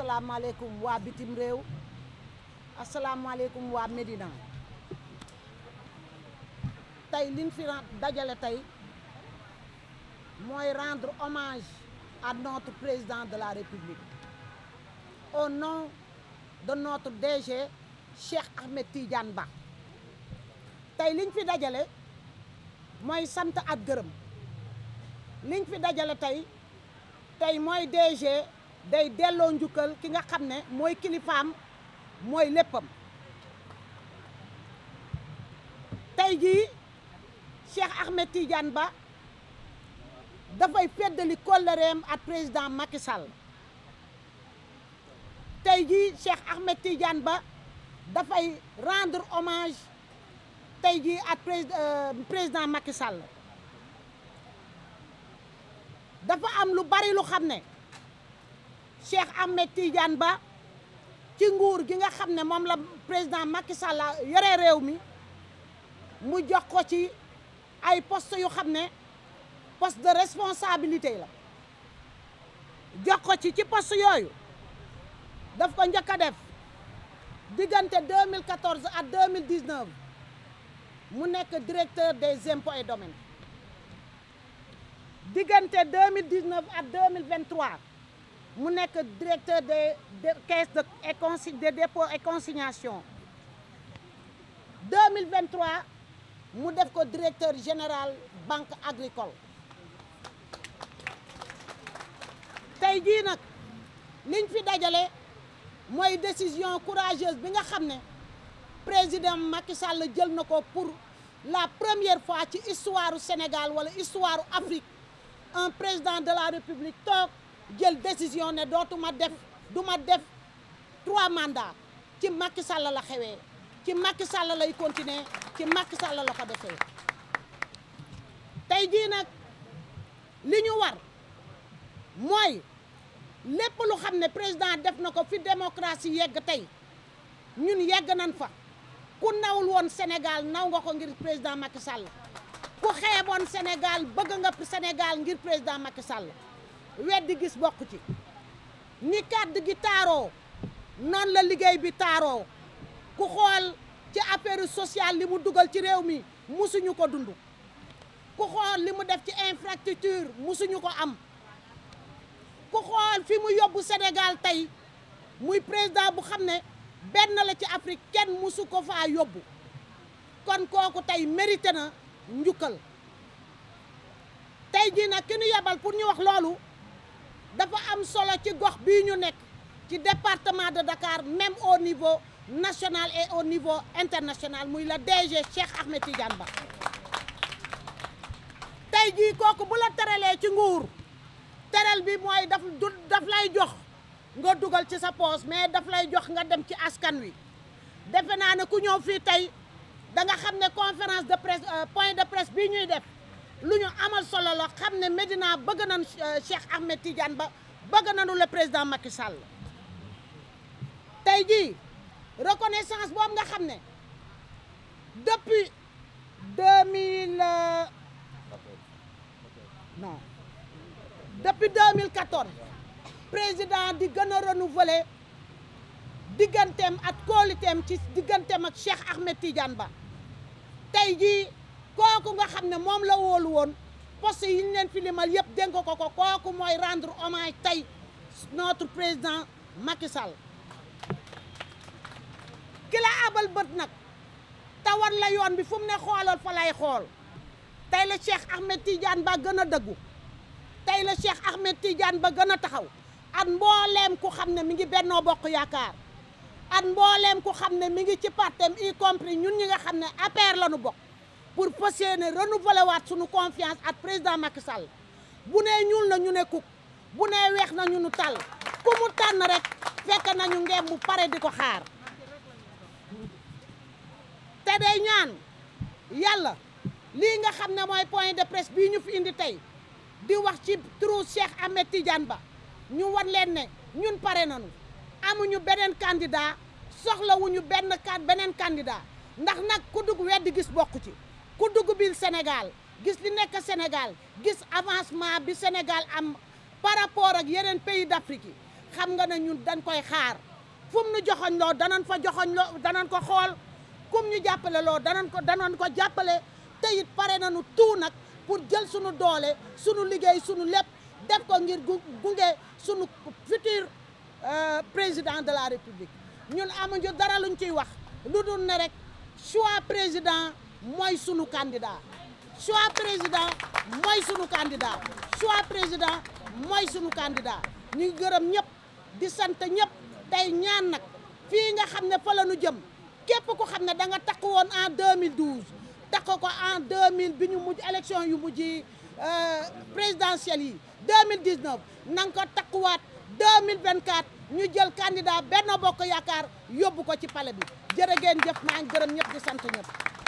asalaamaaleykum waa bitim réew asalaamaaleykum waa Médina tey liñ fi dajale tey mooy rendre hommage à notre président de la République au nom de notre DG Cheikh Ahmed Tidiane Ba tey liñ fi dajale mooy sant ak gërëm liñ fi dajale tey tey mooy DG. day delloo njukkal ki nga xam ne mooy kilifaam mooy léppam tey jii Cheikh Ahmed Tidiane Ba dafay feddali kóllëreem ak président Macky tey jii Cheikh Ahmed Tidiane Ba dafay rendre hommage tey jii ak euh, président Macky dafa am lu bari lu xam ne Cheikh Ahmed Tidiane Ba ci nguur gi nga xam ne moom la président Macky Sall yore réew mi mu jox ko ci ay poste yu xam ne poste de responsabilité la jox ko ci ci poste yooyu daf ko njëkk a def diggante 2014 ak 2019 mu nekk directeur des impôts et domaines diggante 2019 ak 2023 mu nekk directeur de des caisse de et consi des dépôts et consignation 2023 mu def ko directeur général banque agricole tey jii nag liñ fi dajale mooy décision courageuse bi nga xam ne président Macky Sall jël na ko pour la première fois ci histoire Sénégal wala histoire Afrique un président de la République jël décision ne dootuma def du ma def trois mandats ci Macky Sall la xewee ci Macky sàll lay continuer ci Macky Sall la ko defee tey jii nag li ñu war mooy lépp lu xam ne président def na ko fi démocratie yegg tey ñun yegg nañ fa ku nawul woon Sénégal naw nga ko ngir président Macky Sall ku xeeboon Sénégal bëgg nga Sénégal ngir président Macky Sall weddi gis bokk ci ni kàdd gi taaroo noonu la liggéey bi taaroo ku xool ci affaire sociale li mu dugal ci réew mi musuñu ko dund ku xool li mu def ci infrastructure mësuñu ko am ku xool fi mu yóbbu Sénégal tey muy président bu xam ne benn la ci Afrique kenn musu ko faa yóbbu kon kooku tey mérité na njukkal tey jii nag ki ñu yebal pour ñu wax loolu dafa am solo ci gox bii ñu nekk ci departement de Dakar même au niveau national et au niveau international muy la DG Cheikh Ahmed Tidiane Ba tey jii kooku bu la teralee ci nguur teral bi mooy daf du daf lay jox nga dugal ci sa poos mais daf lay jox nga dem ci askan wi defe naa ne ku ñëw fii tey da nga xam ne conférence de presse euh, point de presse bii ñuy def lu ñu amal solo la xam ne Médina bëgg nañ euh, Cheikh Ahmed Tidiane Ba bëgg nañu la président Macky Sall tey jii reconnaissance boobu nga xam ne depuis deux mille euh, non depuis deux mille quatorze président di gën a digganteem ak kóoliteem ci digganteem ak Cheikh Ahmed Tidiane Ba tey jii. kooku nga xam ne moom la wóolu woon poste yi ñu leen fi limal yëpp dénk ko ko kooku mooy rendre hommage tey notre président Macky Sall ki abal bët nag tawar la yoon bi fu mu ne xoolal fa xool tey la Cheikh Ahmed Tidiane ba gën a dëggu tey la Cheikh Ahmed Tidiane ba gën a taxaw at mbooleem ku xam ne mi ngi bennoo bokk yaakaar at mbooleem ku xam ne mi ngi ci partem y compris ñun ñi nga xam ne APR la nu bokk pour fas yéene renouveler waat suñu confiance ak président Macky Sall bu nee ñuul na ñu ne kuk bu nee weex na ñu nu tàll ku mu tànn rek fekk nañu ngeen bu pare di ko xaar te day ñaan yàlla lii nga xam ne mooy point de presse bii ñu fi indi tey di wax ci turu Cheikh Ahmed Tidiane Ba ñu wan leen ne ñun pare nañu amuñu beneen candidat soxlawuñu benn kan beneen candidat ndax nag ku dugg weddi gis bokku ci ku dugg biir Sénégal gis li nekk Sénégal gis avancement bi Sénégal am par rapport ak yeneen pays d'Afrique yi xam nga ne ñun dañ koy xaar fu mu nu joxoñ loo danañ fa joxoñ loo danañ ko xool kum ñu jàppale loo danañ ko danañ ko jàppale te it pare nañu tout nag pour jël suñu doole suñu liggéey suñu lépp def ko ngir gunge suñu futur euh, président de la république ñun amuñu dara luñ ciy wax lu dul rek choix président mooy sunu candidat choix président mooy sunu candidat choix président mooy sunu candidat ñuy gërëm ñëpp di sant ñëpp tey ñaan nag fii nga xam ne fa la jëm képp ko xam ne da nga takk woon en 2012 takk ko en 2000 bi ñu mujj élection yu mujj euh, yi présidentielles yi 2019 na nga ko takkuwaat 2024 ñu jël candidat Benno Bokk Yaakaar yóbbu ko ci palais bi jërë jëf maa ngi gërëm ñëpp di sant ñëpp.